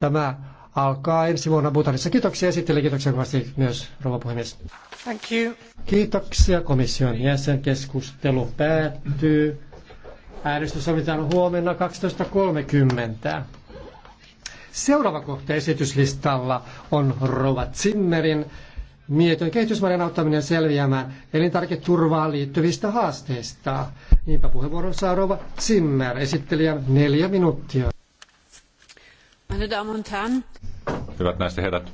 Tämä alkaa ensi vuonna Butanissa. Kiitoksia esittelijä, kiitoksia kovasti myös rouva puhemies. Thank you. Kiitoksia komission jäsen. Keskustelu päättyy. Äänestys sovitaan huomenna 12.30. Seuraava kohta esityslistalla on rouva Zimmerin mietin kehitysmaiden auttaminen selviämään elintarviketurvaan liittyvistä haasteista. Niinpä puheenvuoron saa rouva Zimmer, esittelijä neljä minuuttia. Hyvät naiset ja herrat.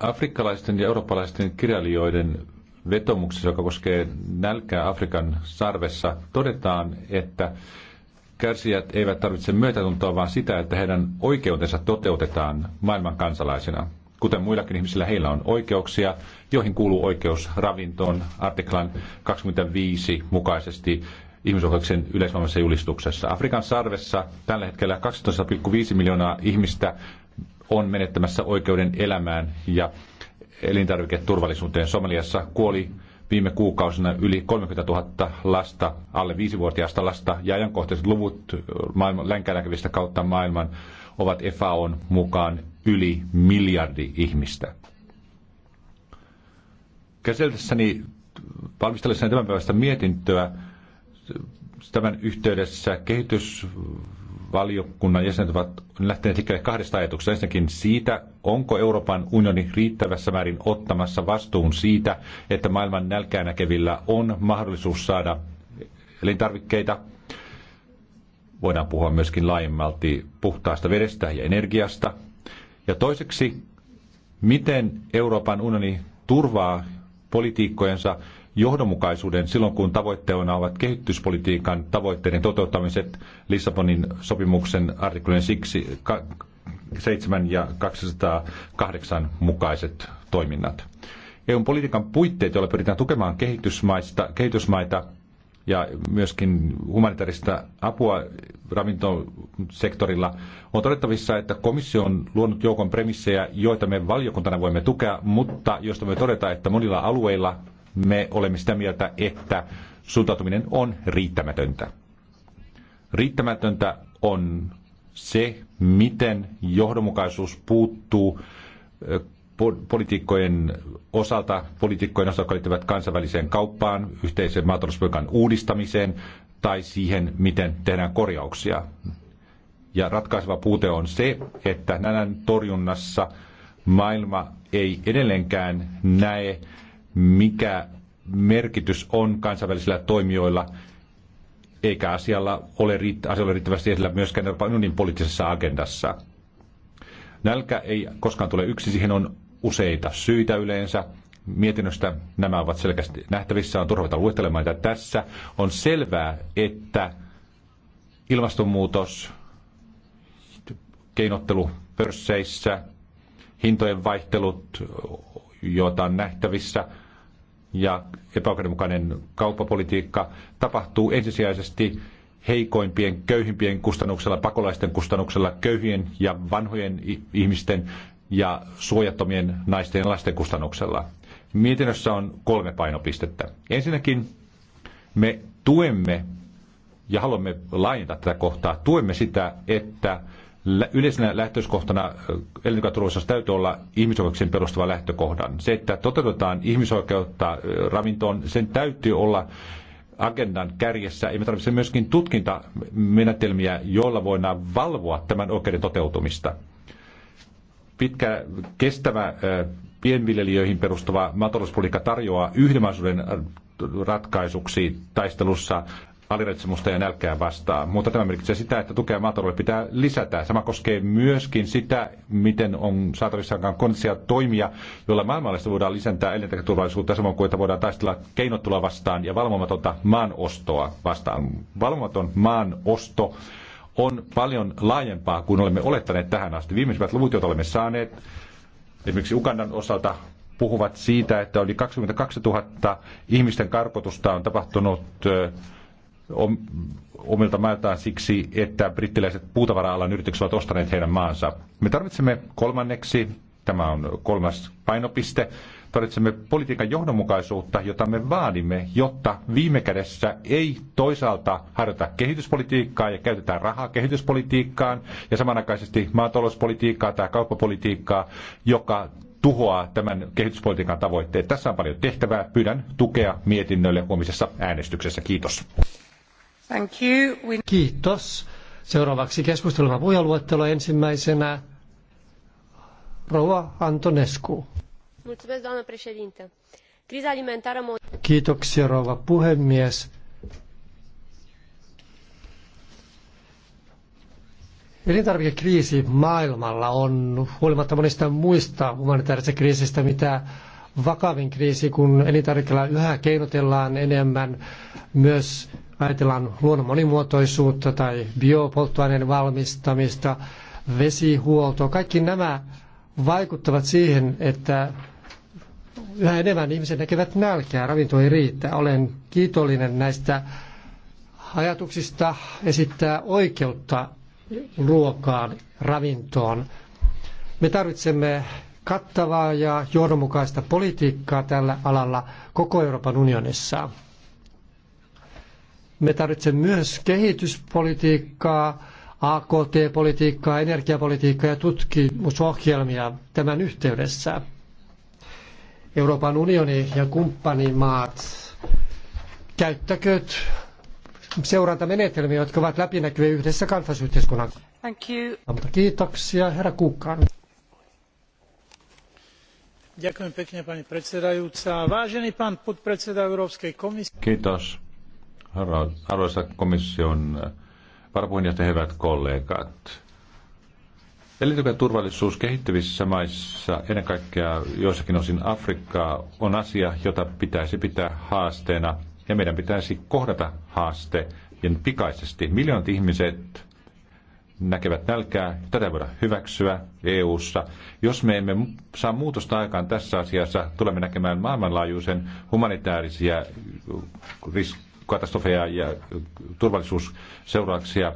Afrikkalaisten ja eurooppalaisten kirjailijoiden vetomuksessa, joka koskee nälkää Afrikan sarvessa, todetaan, että kärsijät eivät tarvitse myötätuntoa, vaan sitä, että heidän oikeutensa toteutetaan maailman kansalaisina. Kuten muillakin ihmisillä, heillä on oikeuksia, joihin kuuluu oikeus ravintoon artiklan 25 mukaisesti ihmisoikeuksien yleismaailmassa julistuksessa. Afrikan sarvessa tällä hetkellä 12,5 miljoonaa ihmistä on menettämässä oikeuden elämään ja elintarviketurvallisuuteen. Somaliassa kuoli viime kuukausina yli 30 000 lasta, alle 5-vuotiaasta lasta, ja ajankohtaiset luvut maailman, kautta maailman ovat FAOn mukaan yli miljardi ihmistä. Käsitellessäni valmistellessani tämän päivästä mietintöä tämän yhteydessä kehitysvaliokunnan jäsenet ovat lähteneet liikkeelle kahdesta ajatuksesta. Ensinnäkin siitä, onko Euroopan unioni riittävässä määrin ottamassa vastuun siitä, että maailman nälkää näkevillä on mahdollisuus saada elintarvikkeita. Voidaan puhua myöskin laajemmalti puhtaasta vedestä ja energiasta. Ja toiseksi, miten Euroopan unioni turvaa politiikkojensa johdonmukaisuuden silloin, kun tavoitteena ovat kehityspolitiikan tavoitteiden toteuttamiset Lissabonin sopimuksen artiklojen siksi 7 ja 208 mukaiset toiminnat. EUn politiikan puitteet, joilla pyritään tukemaan kehitysmaista, kehitysmaita ja myöskin humanitaarista apua ravintosektorilla, on todettavissa, että komissio on luonut joukon premissejä, joita me valiokuntana voimme tukea, mutta josta me todeta, että monilla alueilla me olemme sitä mieltä, että suuntautuminen on riittämätöntä. Riittämätöntä on se, miten johdonmukaisuus puuttuu politiikkojen osalta, politiikkojen osalta, jotka liittyvät kansainväliseen kauppaan, yhteisen maatalouspolitiikan uudistamiseen tai siihen, miten tehdään korjauksia. Ja ratkaiseva puute on se, että nänän torjunnassa maailma ei edelleenkään näe mikä merkitys on kansainvälisillä toimijoilla, eikä asialla ole, asialla ole riittävästi esillä myöskään Euroopan unionin poliittisessa agendassa. Nälkä ei koskaan tule yksi, siihen on useita syitä yleensä. Mietinnöstä nämä ovat selkeästi nähtävissä, on turvata luettelemaan että tässä. On selvää, että ilmastonmuutos, keinottelu pörsseissä, hintojen vaihtelut, joita on nähtävissä – ja epäoikeudenmukainen kauppapolitiikka tapahtuu ensisijaisesti heikoimpien, köyhimpien kustannuksella, pakolaisten kustannuksella, köyhien ja vanhojen ihmisten ja suojattomien naisten ja lasten kustannuksella. Mietinnössä on kolme painopistettä. Ensinnäkin me tuemme ja haluamme laajentaa tätä kohtaa, tuemme sitä, että yleisenä lähtöiskohtana elinkaturvallisuus täytyy olla ihmisoikeuksien perustuva lähtökohdan. Se, että toteutetaan ihmisoikeutta ravintoon, sen täytyy olla agendan kärjessä. Ja me tarvitsemme myöskin tutkintamenetelmiä, joilla voidaan valvoa tämän oikeuden toteutumista. Pitkä kestävä pienviljelijöihin perustuva maatalouspolitiikka tarjoaa yhdenmaisuuden ratkaisuksi taistelussa aliravitsemusta ja nälkää vastaan. Mutta tämä merkitsee sitä, että tukea maataloudelle pitää lisätä. Sama koskee myöskin sitä, miten on saatavissaankaan kondisia toimia, joilla maailmanlaista voidaan lisätä elintarviketurvallisuutta, samoin kuin että voidaan taistella keinottelua vastaan ja valvomatonta maanostoa vastaan. Valvomaton maanosto on paljon laajempaa kuin olemme olettaneet tähän asti. Viimeisimmät luvut, joita olemme saaneet, esimerkiksi Ugandan osalta puhuvat siitä, että oli 22 000 ihmisten karkotusta on tapahtunut omilta mailtaan siksi, että brittiläiset puutavara-alan yritykset ovat ostaneet heidän maansa. Me tarvitsemme kolmanneksi, tämä on kolmas painopiste, tarvitsemme politiikan johdonmukaisuutta, jota me vaadimme, jotta viime kädessä ei toisaalta harjoita kehityspolitiikkaa ja käytetään rahaa kehityspolitiikkaan ja samanaikaisesti maatalouspolitiikkaa tai kauppapolitiikkaa, joka tuhoaa tämän kehityspolitiikan tavoitteet. Tässä on paljon tehtävää. Pyydän tukea mietinnölle huomisessa äänestyksessä. Kiitos. Thank you. We... Kiitos. Seuraavaksi keskustelun puhujaluettelo ensimmäisenä rouva Antonescu. Mulțumesc, doamnă președinte. Criza alimentară... Kiitoksia, rouva puhemies. Elintarvikekriisi maailmalla on huolimatta monista muista humanitaarisista kriisistä, mitä vakavin kriisi, kun elintarvikkeilla yhä keinotellaan enemmän. Myös ajatellaan luonnon monimuotoisuutta tai biopolttoaineen valmistamista, vesihuoltoa. Kaikki nämä vaikuttavat siihen, että yhä enemmän ihmiset näkevät nälkää, ravinto ei riitä. Olen kiitollinen näistä ajatuksista esittää oikeutta ruokaan, ravintoon. Me tarvitsemme kattavaa ja johdonmukaista politiikkaa tällä alalla koko Euroopan unionissa. Me tarvitsemme myös kehityspolitiikkaa, AKT-politiikkaa, energiapolitiikkaa ja tutkimusohjelmia tämän yhteydessä. Euroopan unioni ja kumppanimaat käyttäkööt seurantamenetelmiä, jotka ovat läpinäkyviä yhdessä kansallisyhteiskunnan. Thank you. Kiitoksia, herra Kuukkaan vážený pán podpredseda Európskej komisie. Kiitos, arvoisa komission eh, varapuheenjohtaja, hyvät kollegat. Elintarviketurvallisuus kehittyvissä maissa, ennen kaikkea joissakin osin Afrikkaa, on asia, jota pitäisi pitää haasteena ja meidän pitäisi kohdata haaste pikaisesti. Miljoonat ihmiset näkevät nälkää. Tätä ei voida hyväksyä EU-ssa. Jos me emme saa muutosta aikaan tässä asiassa, tulemme näkemään maailmanlaajuisen humanitaarisia katastrofeja ja turvallisuusseurauksia.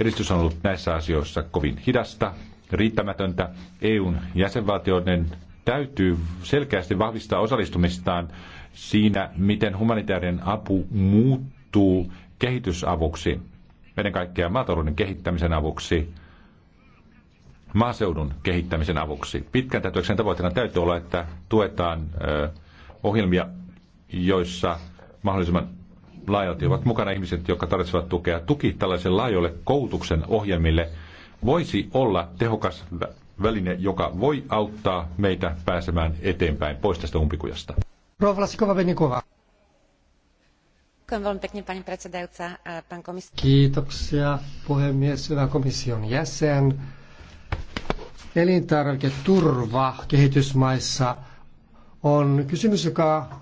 Edistys on ollut näissä asioissa kovin hidasta, riittämätöntä. EUn jäsenvaltioiden täytyy selkeästi vahvistaa osallistumistaan siinä, miten humanitaarinen apu muuttuu kehitysavuksi ennen kaikkea maatalouden kehittämisen avuksi, maaseudun kehittämisen avuksi. Pitkän tähtäyksen tavoitteena täytyy olla, että tuetaan ohjelmia, joissa mahdollisimman laajalti ovat mukana ihmiset, jotka tarvitsevat tukea. Tuki tällaisen laajoille koulutuksen ohjelmille voisi olla tehokas väline, joka voi auttaa meitä pääsemään eteenpäin pois tästä umpikujasta. Rovlasikova Benikova. Kiitoksia puhemies, hyvä komission jäsen. Elintarviketurva kehitysmaissa on kysymys, joka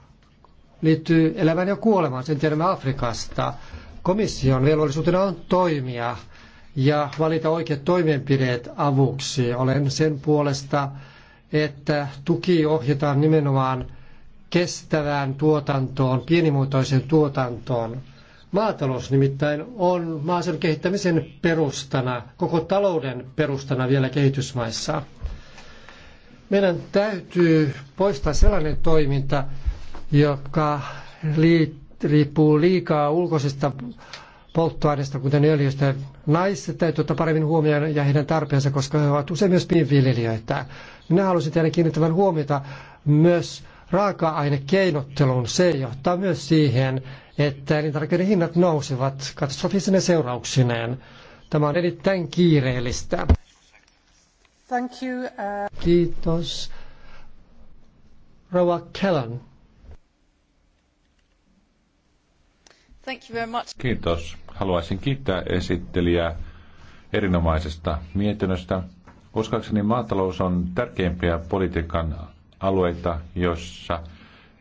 liittyy elämään ja kuolemaan. Sen tiedämme Afrikasta. Komission velvollisuutena on toimia ja valita oikeat toimenpideet avuksi. Olen sen puolesta, että tuki ohjataan nimenomaan kestävään tuotantoon, pienimuotoiseen tuotantoon. Maatalous nimittäin on maaseudun kehittämisen perustana, koko talouden perustana vielä kehitysmaissa. Meidän täytyy poistaa sellainen toiminta, joka riippuu liikaa ulkoisista polttoaineista, kuten öljystä. Naiset täytyy ottaa paremmin huomioon ja heidän tarpeensa, koska he ovat usein myös pienviljelijöitä. Minä haluaisin teidän kiinnittävän huomiota myös raaka-ainekeinotteluun. Se johtaa myös siihen, että elintarvikkeiden hinnat nousevat katastrofisine seurauksineen. Tämä on erittäin kiireellistä. Thank you, uh... Kiitos. Rova Kellan. Thank you very much. Kiitos. Haluaisin kiittää esittelijää erinomaisesta mietinnöstä. Uskoakseni maatalous on tärkeimpiä politiikan alueita, joissa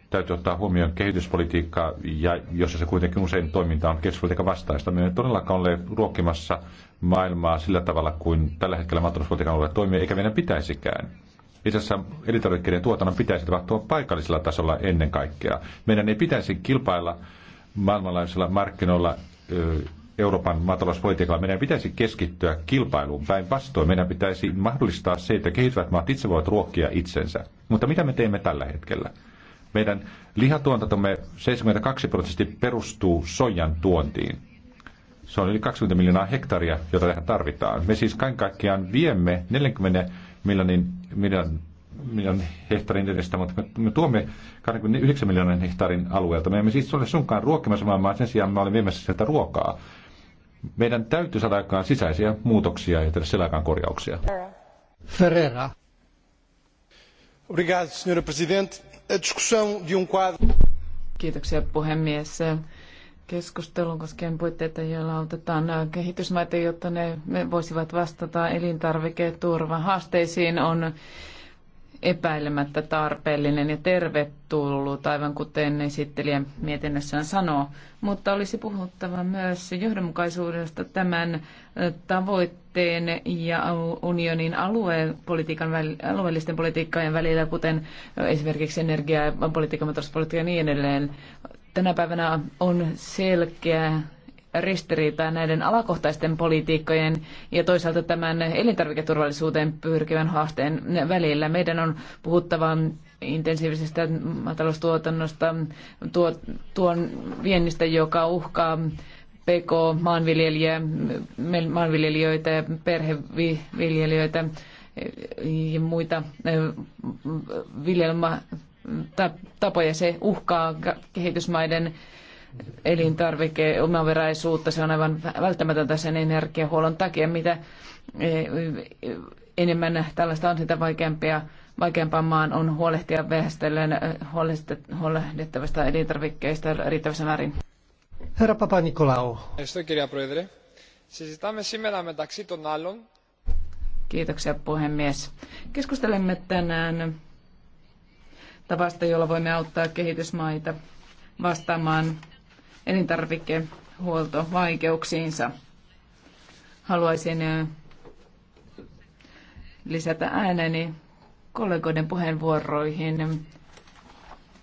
täytyy ottaa huomioon kehityspolitiikkaa ja jossa se kuitenkin usein toiminta on kehityspolitiikan vastaista. Me ei todellakaan ole ruokkimassa maailmaa sillä tavalla kuin tällä hetkellä maatalouspolitiikan alueella toimii, eikä meidän pitäisikään. Itse asiassa elintarvikkeiden tuotannon pitäisi tapahtua paikallisella tasolla ennen kaikkea. Meidän ei pitäisi kilpailla maailmanlaajuisilla markkinoilla Euroopan maatalouspolitiikalla. Meidän pitäisi keskittyä kilpailuun päinvastoin. Meidän pitäisi mahdollistaa se, että kehittyvät maat itse voivat ruokkia itsensä. Mutta mitä me teemme tällä hetkellä? Meidän lihatuotantomme 72 prosenttia perustuu soijan tuontiin. Se on yli 20 miljoonaa hektaria, jota tähän tarvitaan. Me siis kaiken kaikkiaan viemme 40 miljoonin, miljoon, miljoon hehtaarin edestä, mutta me, tuomme 29 miljoonan hehtaarin alueelta. Me emme siis ole sunkaan ruokkimassa maailmaa, sen sijaan me olemme viemässä sieltä ruokaa. Meidän täytyy saada aikaan sisäisiä muutoksia ja tehdä sillä aikaan korjauksia. Ferreira. Obrigado, senhora Presidente. A discussão de um quadro... Kiitoksia puhemies. Keskustelun koskien puitteita, joilla autetaan kehitysmaita, jotta ne voisivat vastata elintarviketurvan haasteisiin, on epäilemättä tarpeellinen ja tervetullut, aivan kuten esittelijä mietinnössään sanoo, mutta olisi puhuttava myös johdonmukaisuudesta tämän tavoitteen ja unionin aluepolitiikan, alueellisten politiikkojen välillä, kuten esimerkiksi energia- ja politiikka- ja niin edelleen. Tänä päivänä on selkeä ristiriitaa näiden alakohtaisten politiikkojen ja toisaalta tämän elintarviketurvallisuuteen pyrkivän haasteen välillä. Meidän on puhuttava intensiivisestä maataloustuotannosta, tuo, tuon viennistä, joka uhkaa pk maanviljelijöitä ja perheviljelijöitä ja muita viljelmätapoja. tapoja. Se uhkaa kehitysmaiden elintarvikeomavaraisuutta. Se on aivan välttämätöntä sen energiahuollon takia. Mitä e, e, enemmän tällaista on, sitä vaikeampia, vaikeampaa maan on huolehtia vähästellen e, huolehdittavista elintarvikkeista riittävässä määrin. Herra Papa Nikolao. Kiitoksia puhemies. Keskustelemme tänään tavasta, jolla voimme auttaa kehitysmaita vastaamaan elintarvikehuoltovaikeuksiinsa. Haluaisin lisätä ääneni kollegoiden puheenvuoroihin.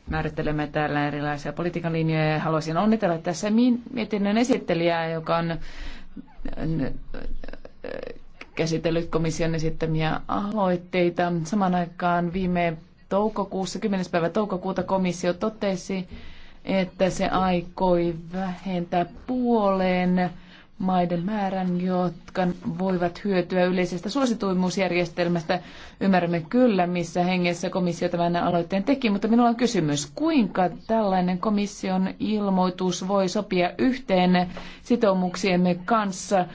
Määrittelemme täällä erilaisia politiikan linjoja ja haluaisin onnitella tässä mietinnön esittelijää, joka on käsitellyt komission esittämiä aloitteita. Saman aikaan viime toukokuussa, 10. päivä toukokuuta komissio totesi, että se aikoi vähentää puoleen maiden määrän, jotka voivat hyötyä yleisestä suosituimuusjärjestelmästä. Ymmärrämme kyllä, missä hengessä komissio tämän aloitteen teki, mutta minulla on kysymys, kuinka tällainen komission ilmoitus voi sopia yhteen sitoumuksiemme kanssa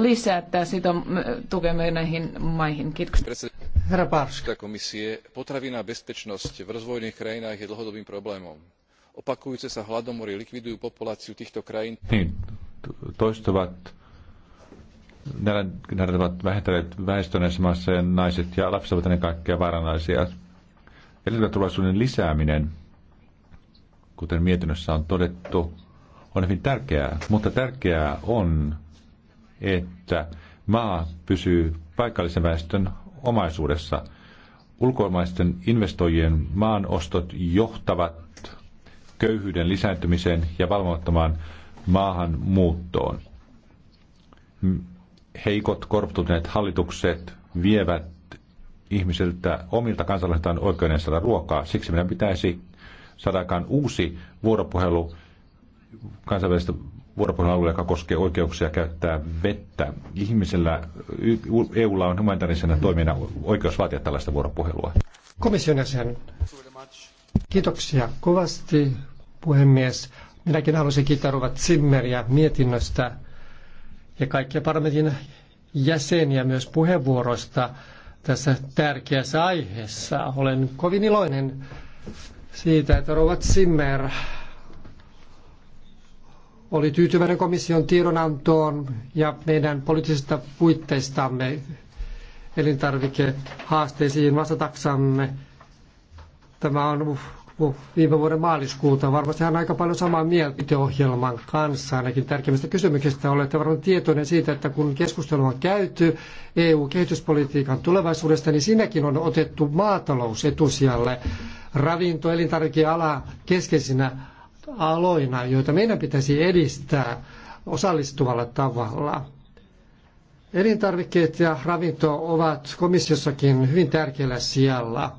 lisätä sitom- tukemme näihin maihin? Kiitos. Herra Barska. Komissio, potravina bezpečnosti v rozvojných krajinách je dlhodobým problémom opakujúce sa hladomory likvidujú populáciu týchto krajín. toistuvat nälänhädät ovat vähentäneet väestö ja naiset ja lapset ovat ennen kaikkea vaaranaisia. Elintarvitulaisuuden lisääminen, kuten mietinnössä on todettu, on hyvin tärkeää, mutta tärkeää on, että maa pysyy paikallisen väestön omaisuudessa. Ulkomaisten investoijien maanostot johtavat köyhyyden lisääntymiseen ja valvottomaan maahanmuuttoon. Heikot korptuneet hallitukset vievät ihmisiltä omilta kansalaisiltaan oikeuden saada ruokaa. Siksi meidän pitäisi saada aikaan uusi vuoropuhelu kansainvälistä vuoropuhelun alue, joka koskee oikeuksia käyttää vettä. Ihmisellä, EUlla on humanitaarisena toimijana oikeus vaatia tällaista vuoropuhelua. Komission jäsen, kiitoksia kovasti puhemies. Minäkin haluaisin kiittää Ruvat Zimmeriä mietinnöstä ja kaikkia parlamentin jäseniä myös puheenvuoroista tässä tärkeässä aiheessa. Olen kovin iloinen siitä, että Rovat Zimmer oli tyytyväinen komission tiedonantoon ja meidän poliittisista puitteistamme elintarvikehaasteisiin vastataksamme. Tämä on viime vuoden maaliskuuta. Varmasti hän on aika paljon samaa mieltä ohjelman kanssa, ainakin tärkeimmistä kysymyksistä. Olette varmaan tietoinen siitä, että kun keskustelu on käyty EU-kehityspolitiikan tulevaisuudesta, niin siinäkin on otettu maatalous etusijalle ravinto- ja elintarvikeala keskeisinä aloina, joita meidän pitäisi edistää osallistuvalla tavalla. Elintarvikkeet ja ravinto ovat komissiossakin hyvin tärkeällä sijalla –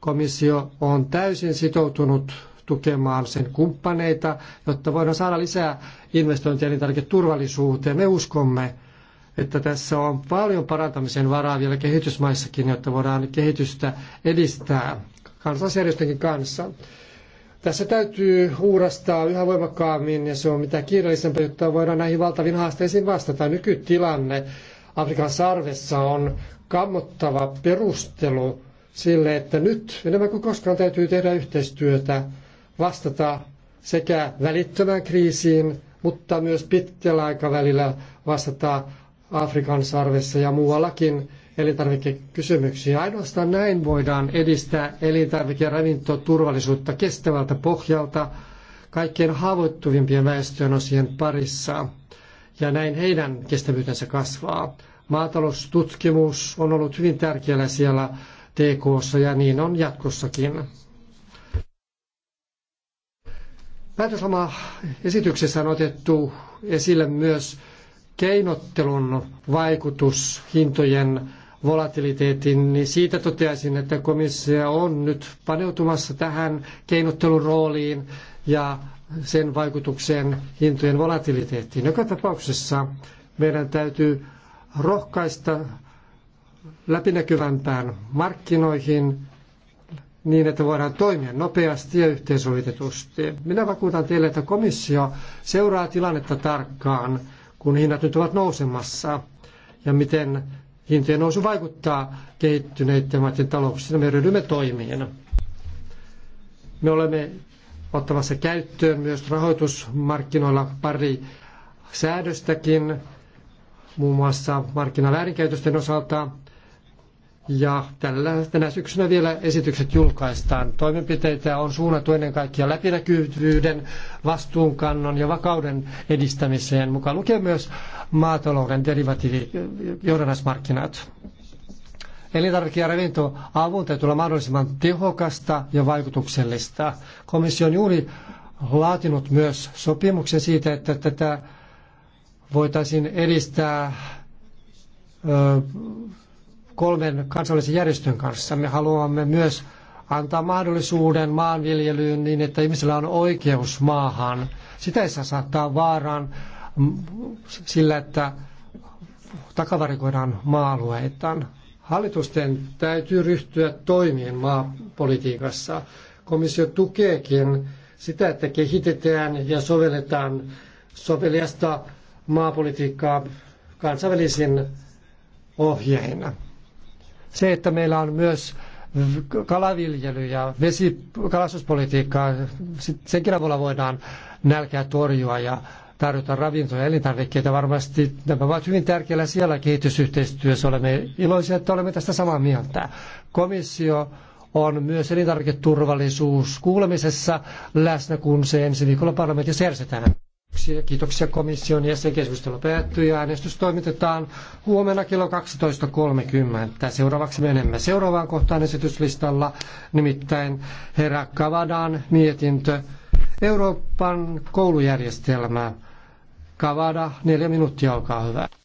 Komissio on täysin sitoutunut tukemaan sen kumppaneita, jotta voidaan saada lisää investointeja elintarviketurvallisuuteen. Me uskomme, että tässä on paljon parantamisen varaa vielä kehitysmaissakin, jotta voidaan kehitystä edistää kansalaisjärjestöjenkin kanssa. Tässä täytyy uurastaa yhä voimakkaammin ja se on mitä kiireellisempää, jotta voidaan näihin valtaviin haasteisiin vastata. Nykytilanne Afrikan sarvessa on kammottava perustelu sille, että nyt enemmän kuin koskaan täytyy tehdä yhteistyötä, vastata sekä välittömään kriisiin, mutta myös pitkällä aikavälillä vastata Afrikan sarvessa ja muuallakin elintarvikekysymyksiin. Ainoastaan näin voidaan edistää elintarvike- ja ravintoturvallisuutta kestävältä pohjalta kaikkein haavoittuvimpien väestönosien parissa. Ja näin heidän kestävyytensä kasvaa. Maataloustutkimus on ollut hyvin tärkeällä siellä TK ja niin on jatkossakin. Päätösloma esityksessä on otettu esille myös keinottelun vaikutus hintojen volatiliteetin, niin siitä toteaisin, että komissio on nyt paneutumassa tähän keinottelun rooliin ja sen vaikutukseen hintojen volatiliteettiin. Joka tapauksessa meidän täytyy rohkaista läpinäkyvämpään markkinoihin niin, että voidaan toimia nopeasti ja yhteensovitetusti. Minä vakuutan teille, että komissio seuraa tilannetta tarkkaan, kun hinnat nyt ovat nousemassa ja miten hintojen nousu vaikuttaa kehittyneiden maiden talouksiin. Me ryhdymme toimiin. Me olemme ottamassa käyttöön myös rahoitusmarkkinoilla pari säädöstäkin, muun muassa markkinaväärinkäytösten osalta ja tällä, tänä syksynä vielä esitykset julkaistaan. Toimenpiteitä on suunnattu ennen kaikkea läpinäkyvyyden, vastuunkannon ja vakauden edistämiseen, mukaan lukien myös maatalouden derivatiivijohdannasmarkkinat. Elintarvike- ja ravintoavun täytyy olla mahdollisimman tehokasta ja vaikutuksellista. Komissio on juuri laatinut myös sopimuksen siitä, että tätä voitaisiin edistää ö, kolmen kansallisen järjestön kanssa. Me haluamme myös antaa mahdollisuuden maanviljelyyn niin, että ihmisillä on oikeus maahan. Sitä ei saa saattaa vaaraan mm, sillä, että takavarikoidaan maa-alueitaan. Hallitusten täytyy ryhtyä toimiin maapolitiikassa. Komissio tukeekin sitä, että kehitetään ja sovelletaan soveliasta maapolitiikkaa kansainvälisin ohjeina. Se, että meillä on myös kalaviljely ja vesikalastuspolitiikkaa, senkin avulla voidaan nälkää torjua ja tarjota ravintoja ja elintarvikkeita. Varmasti nämä ovat hyvin tärkeillä siellä kehitysyhteistyössä. Olemme iloisia, että olemme tästä samaa mieltä. Komissio on myös elintarviketurvallisuus kuulemisessa läsnä, kun se ensi viikolla parlamentissa järjestetään. Kiitoksia, kiitoksia komission ja keskustelu päättyy ja äänestys toimitetaan huomenna kello 12.30. Seuraavaksi menemme seuraavaan kohtaan esityslistalla, nimittäin herra Kavadan mietintö Euroopan koulujärjestelmää. Kavada, neljä minuuttia, olkaa hyvä.